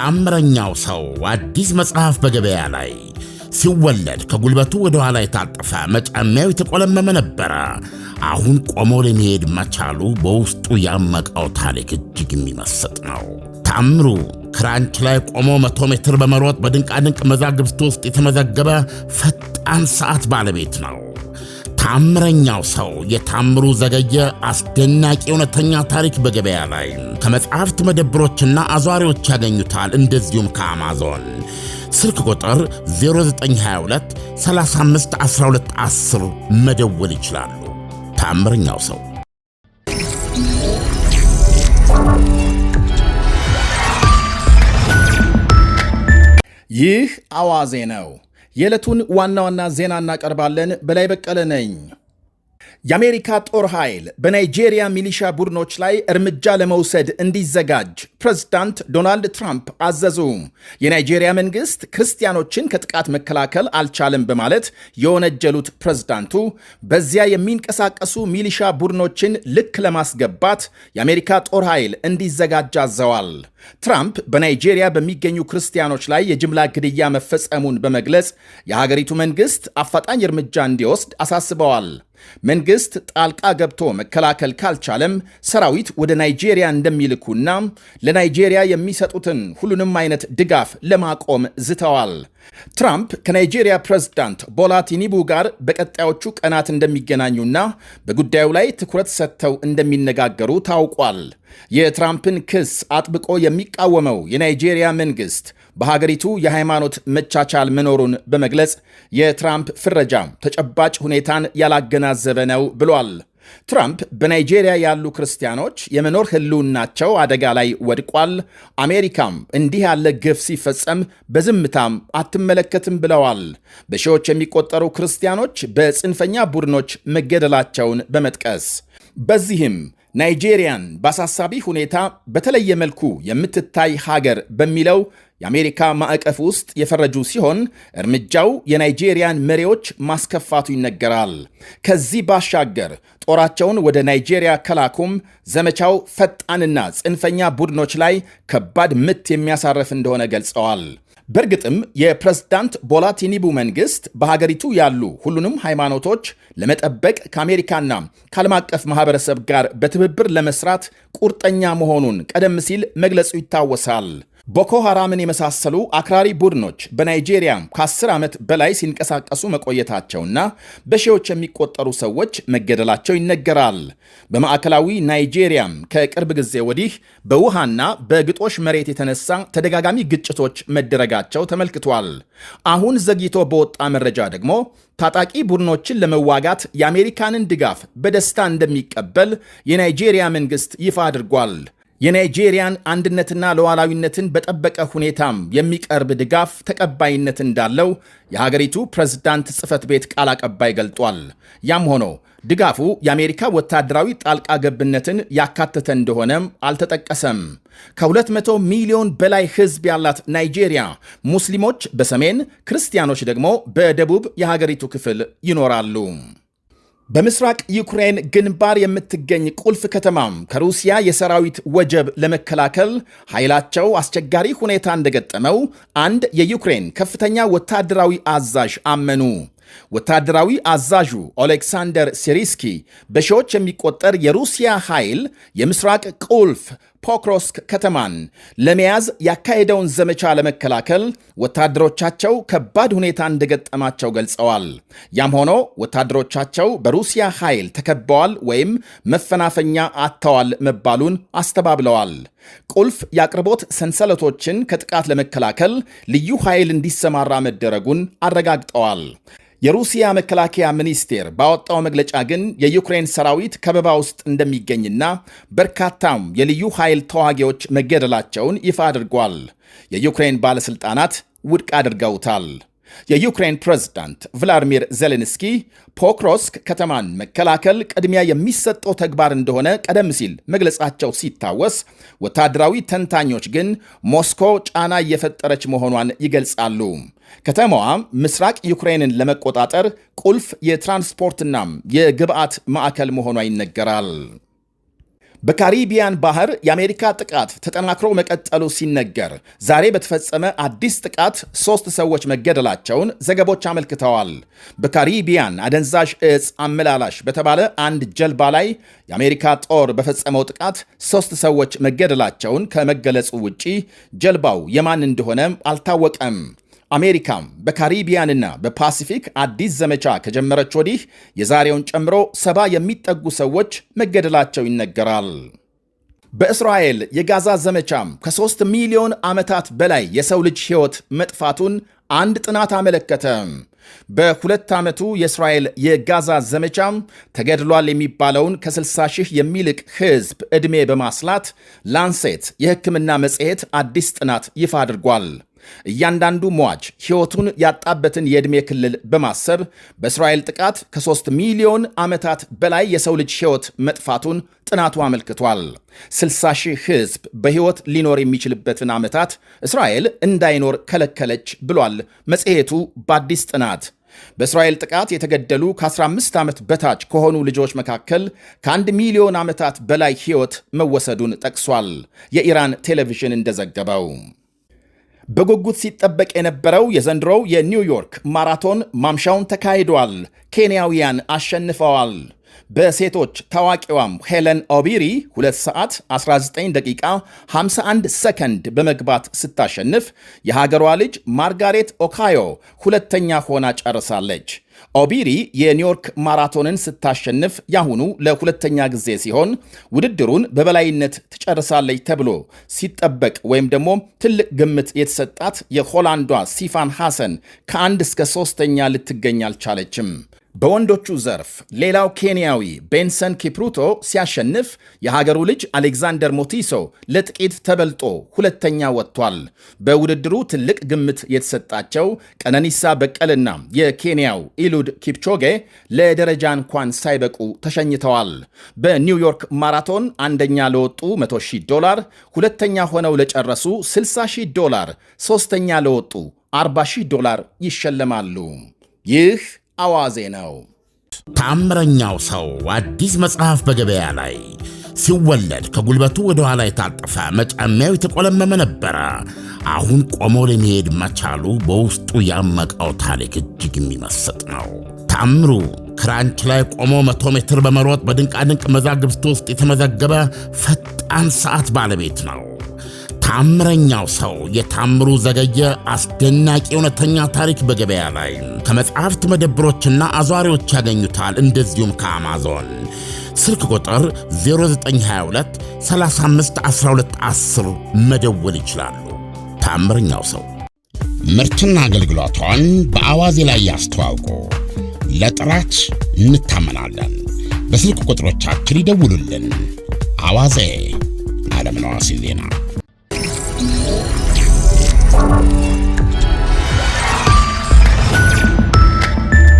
ታምረኛው ሰው አዲስ መጽሐፍ በገበያ ላይ ሲወለድ ከጉልበቱ ወደ ኋላ የታጠፈ መጫሚያው የተቆለመመ ነበረ። አሁን ቆሞ ለመሄድ መቻሉ በውስጡ ያመቀው ታሪክ እጅግ የሚመስጥ ነው። ታምሩ ክራንች ላይ ቆሞ መቶ ሜትር በመሮጥ በድንቃድንቅ መዛግብት ውስጥ የተመዘገበ ፈጣን ሰዓት ባለቤት ነው። ታምረኛው ሰው የታምሩ ዘገየ አስደናቂ እውነተኛ ታሪክ በገበያ ላይ ከመጽሐፍት መደብሮችና አዟሪዎች ያገኙታል። እንደዚሁም ከአማዞን ስልክ ቁጥር 0922 መደወል ይችላሉ። ታምረኛው ሰው ይህ አዋዜ ነው። የዕለቱን ዋና ዋና ዜና እናቀርባለን። በላይ በቀለ ነኝ። የአሜሪካ ጦር ኃይል በናይጄሪያ ሚሊሻ ቡድኖች ላይ እርምጃ ለመውሰድ እንዲዘጋጅ ፕሬዝዳንት ዶናልድ ትራምፕ አዘዙ። የናይጄሪያ መንግስት ክርስቲያኖችን ከጥቃት መከላከል አልቻለም በማለት የወነጀሉት ፕሬዝዳንቱ በዚያ የሚንቀሳቀሱ ሚሊሻ ቡድኖችን ልክ ለማስገባት የአሜሪካ ጦር ኃይል እንዲዘጋጅ አዘዋል። ትራምፕ በናይጄሪያ በሚገኙ ክርስቲያኖች ላይ የጅምላ ግድያ መፈጸሙን በመግለጽ የሀገሪቱ መንግስት አፋጣኝ እርምጃ እንዲወስድ አሳስበዋል። መንግስት ጣልቃ ገብቶ መከላከል ካልቻለም ሰራዊት ወደ ናይጄሪያ እንደሚልኩና ለናይጄሪያ የሚሰጡትን ሁሉንም አይነት ድጋፍ ለማቆም ዝተዋል። ትራምፕ ከናይጄሪያ ፕሬዝዳንት ቦላ ቲኒቡ ጋር በቀጣዮቹ ቀናት እንደሚገናኙና በጉዳዩ ላይ ትኩረት ሰጥተው እንደሚነጋገሩ ታውቋል። የትራምፕን ክስ አጥብቆ የሚቃወመው የናይጄሪያ መንግስት በሀገሪቱ የሃይማኖት መቻቻል መኖሩን በመግለጽ የትራምፕ ፍረጃ ተጨባጭ ሁኔታን ያላገናዘበ ነው ብሏል። ትራምፕ በናይጄሪያ ያሉ ክርስቲያኖች የመኖር ህልውናቸው አደጋ ላይ ወድቋል፣ አሜሪካም እንዲህ ያለ ግፍ ሲፈጸም በዝምታም አትመለከትም ብለዋል። በሺዎች የሚቆጠሩ ክርስቲያኖች በጽንፈኛ ቡድኖች መገደላቸውን በመጥቀስ በዚህም ናይጄሪያን በአሳሳቢ ሁኔታ በተለየ መልኩ የምትታይ ሀገር በሚለው የአሜሪካ ማዕቀፍ ውስጥ የፈረጁ ሲሆን እርምጃው የናይጄሪያን መሪዎች ማስከፋቱ ይነገራል። ከዚህ ባሻገር ጦራቸውን ወደ ናይጄሪያ ከላኩም ዘመቻው ፈጣንና ጽንፈኛ ቡድኖች ላይ ከባድ ምት የሚያሳርፍ እንደሆነ ገልጸዋል። በእርግጥም የፕሬዝዳንት ቦላ ቲኒቡ መንግስት በሀገሪቱ ያሉ ሁሉንም ሃይማኖቶች ለመጠበቅ ከአሜሪካና ከዓለም አቀፍ ማህበረሰብ ጋር በትብብር ለመስራት ቁርጠኛ መሆኑን ቀደም ሲል መግለጹ ይታወሳል። ቦኮ ሐራምን የመሳሰሉ አክራሪ ቡድኖች በናይጄሪያም ከ10 ዓመት በላይ ሲንቀሳቀሱ መቆየታቸውና በሺዎች የሚቆጠሩ ሰዎች መገደላቸው ይነገራል። በማዕከላዊ ናይጄሪያም ከቅርብ ጊዜ ወዲህ በውሃና በግጦሽ መሬት የተነሳ ተደጋጋሚ ግጭቶች መደረጋቸው ተመልክቷል። አሁን ዘግይቶ በወጣ መረጃ ደግሞ ታጣቂ ቡድኖችን ለመዋጋት የአሜሪካንን ድጋፍ በደስታ እንደሚቀበል የናይጄሪያ መንግሥት ይፋ አድርጓል። የናይጄሪያን አንድነትና ሉዓላዊነትን በጠበቀ ሁኔታም የሚቀርብ ድጋፍ ተቀባይነት እንዳለው የሀገሪቱ ፕሬዝዳንት ጽህፈት ቤት ቃል አቀባይ ገልጧል። ያም ሆኖ ድጋፉ የአሜሪካ ወታደራዊ ጣልቃ ገብነትን ያካተተ እንደሆነም አልተጠቀሰም። ከ200 ሚሊዮን በላይ ህዝብ ያላት ናይጄሪያ ሙስሊሞች በሰሜን ክርስቲያኖች ደግሞ በደቡብ የሀገሪቱ ክፍል ይኖራሉ። በምስራቅ ዩክሬን ግንባር የምትገኝ ቁልፍ ከተማ ከሩሲያ የሰራዊት ወጀብ ለመከላከል ኃይላቸው አስቸጋሪ ሁኔታ እንደገጠመው አንድ የዩክሬን ከፍተኛ ወታደራዊ አዛዥ አመኑ። ወታደራዊ አዛዡ ኦሌክሳንደር ሴሪስኪ በሺዎች የሚቆጠር የሩሲያ ኃይል የምስራቅ ቁልፍ ፖክሮስክ ከተማን ለመያዝ ያካሄደውን ዘመቻ ለመከላከል ወታደሮቻቸው ከባድ ሁኔታ እንደገጠማቸው ገልጸዋል። ያም ሆኖ ወታደሮቻቸው በሩሲያ ኃይል ተከበዋል ወይም መፈናፈኛ አጥተዋል መባሉን አስተባብለዋል። ቁልፍ የአቅርቦት ሰንሰለቶችን ከጥቃት ለመከላከል ልዩ ኃይል እንዲሰማራ መደረጉን አረጋግጠዋል። የሩሲያ መከላከያ ሚኒስቴር ባወጣው መግለጫ ግን የዩክሬን ሰራዊት ከበባ ውስጥ እንደሚገኝና በርካታም የልዩ ኃይል የኃይል ተዋጊዎች መገደላቸውን ይፋ አድርጓል። የዩክሬን ባለሥልጣናት ውድቅ አድርገውታል። የዩክሬን ፕሬዝዳንት ቭላዲሚር ዜሌንስኪ ፖክሮስክ ከተማን መከላከል ቅድሚያ የሚሰጠው ተግባር እንደሆነ ቀደም ሲል መግለጻቸው ሲታወስ፣ ወታደራዊ ተንታኞች ግን ሞስኮ ጫና እየፈጠረች መሆኗን ይገልጻሉ። ከተማዋ ምስራቅ ዩክሬንን ለመቆጣጠር ቁልፍ የትራንስፖርትናም የግብዓት ማዕከል መሆኗ ይነገራል። በካሪቢያን ባህር የአሜሪካ ጥቃት ተጠናክሮ መቀጠሉ ሲነገር ዛሬ በተፈጸመ አዲስ ጥቃት ሶስት ሰዎች መገደላቸውን ዘገቦች አመልክተዋል። በካሪቢያን አደንዛዥ እጽ አመላላሽ በተባለ አንድ ጀልባ ላይ የአሜሪካ ጦር በፈጸመው ጥቃት ሦስት ሰዎች መገደላቸውን ከመገለጹ ውጪ ጀልባው የማን እንደሆነ አልታወቀም። አሜሪካም በካሪቢያንና በፓሲፊክ አዲስ ዘመቻ ከጀመረች ወዲህ የዛሬውን ጨምሮ ሰባ የሚጠጉ ሰዎች መገደላቸው ይነገራል። በእስራኤል የጋዛ ዘመቻም ከሦስት ሚሊዮን ዓመታት በላይ የሰው ልጅ ሕይወት መጥፋቱን አንድ ጥናት አመለከተ። በሁለት ዓመቱ የእስራኤል የጋዛ ዘመቻም ተገድሏል የሚባለውን ከ60 ሺህ የሚልቅ ሕዝብ ዕድሜ በማስላት ላንሴት የሕክምና መጽሔት አዲስ ጥናት ይፋ አድርጓል። እያንዳንዱ ሟች ሕይወቱን ያጣበትን የዕድሜ ክልል በማሰብ በእስራኤል ጥቃት ከ3 ሚሊዮን ዓመታት በላይ የሰው ልጅ ሕይወት መጥፋቱን ጥናቱ አመልክቷል። 60 ሺህ ሕዝብ በሕይወት ሊኖር የሚችልበትን ዓመታት እስራኤል እንዳይኖር ከለከለች ብሏል መጽሔቱ በአዲስ ጥናት። በእስራኤል ጥቃት የተገደሉ ከ15 ዓመት በታች ከሆኑ ልጆች መካከል ከአንድ ሚሊዮን ዓመታት በላይ ሕይወት መወሰዱን ጠቅሷል የኢራን ቴሌቪዥን እንደዘገበው በጉጉት ሲጠበቅ የነበረው የዘንድሮው የኒውዮርክ ማራቶን ማምሻውን ተካሂዷል። ኬንያውያን አሸንፈዋል። በሴቶች ታዋቂዋም ሄለን ኦቢሪ 2 ሰዓት 19 ደቂቃ 51 ሰከንድ በመግባት ስታሸንፍ የሀገሯ ልጅ ማርጋሬት ኦካዮ ሁለተኛ ሆና ጨርሳለች። ኦቢሪ የኒውዮርክ ማራቶንን ስታሸንፍ ያሁኑ ለሁለተኛ ጊዜ ሲሆን ውድድሩን በበላይነት ትጨርሳለች ተብሎ ሲጠበቅ ወይም ደግሞ ትልቅ ግምት የተሰጣት የሆላንዷ ሲፋን ሐሰን ከአንድ እስከ ሦስተኛ ልትገኝ አልቻለችም። በወንዶቹ ዘርፍ ሌላው ኬንያዊ ቤንሰን ኪፕሩቶ ሲያሸንፍ የሀገሩ ልጅ አሌክዛንደር ሞቲሶ ለጥቂት ተበልጦ ሁለተኛ ወጥቷል። በውድድሩ ትልቅ ግምት የተሰጣቸው ቀነኒሳ በቀልና የኬንያው ኢሉድ ኪፕቾጌ ለደረጃ እንኳን ሳይበቁ ተሸኝተዋል። በኒውዮርክ ማራቶን አንደኛ ለወጡ 100 ዶላር፣ ሁለተኛ ሆነው ለጨረሱ 60 ዶላር፣ ሦስተኛ ለወጡ 40 ዶላር ይሸለማሉ። ይህ አዋዜ ነው። ታምረኛው ሰው አዲስ መጽሐፍ በገበያ ላይ ሲወለድ ከጉልበቱ ወደ ኋላ የታጠፈ መጫሚያው የተቆለመመ ነበረ። አሁን ቆሞ ለመሄድ መቻሉ በውስጡ ያመቃው ታሪክ እጅግ የሚመስጥ ነው። ታምሩ ክራንች ላይ ቆሞ መቶ ሜትር በመሮጥ በድንቃድንቅ መዛግብት ውስጥ የተመዘገበ ፈጣን ሰዓት ባለቤት ነው። ታምረኛው ሰው የታምሩ ዘገየ አስደናቂ እውነተኛ ታሪክ በገበያ ላይ ከመጽሐፍት መደብሮችና አዟሪዎች ያገኙታል። እንደዚሁም ከአማዞን ስልክ ቁጥር 0922 መደወል ይችላሉ። ታምረኛው ሰው ምርትና አገልግሎቷን በአዋዜ ላይ ያስተዋውቁ። ለጥራች እንታመናለን። በስልክ ቁጥሮቻችን ይደውሉልን። አዋዜ ዓለምነህ ዋሴ ዜና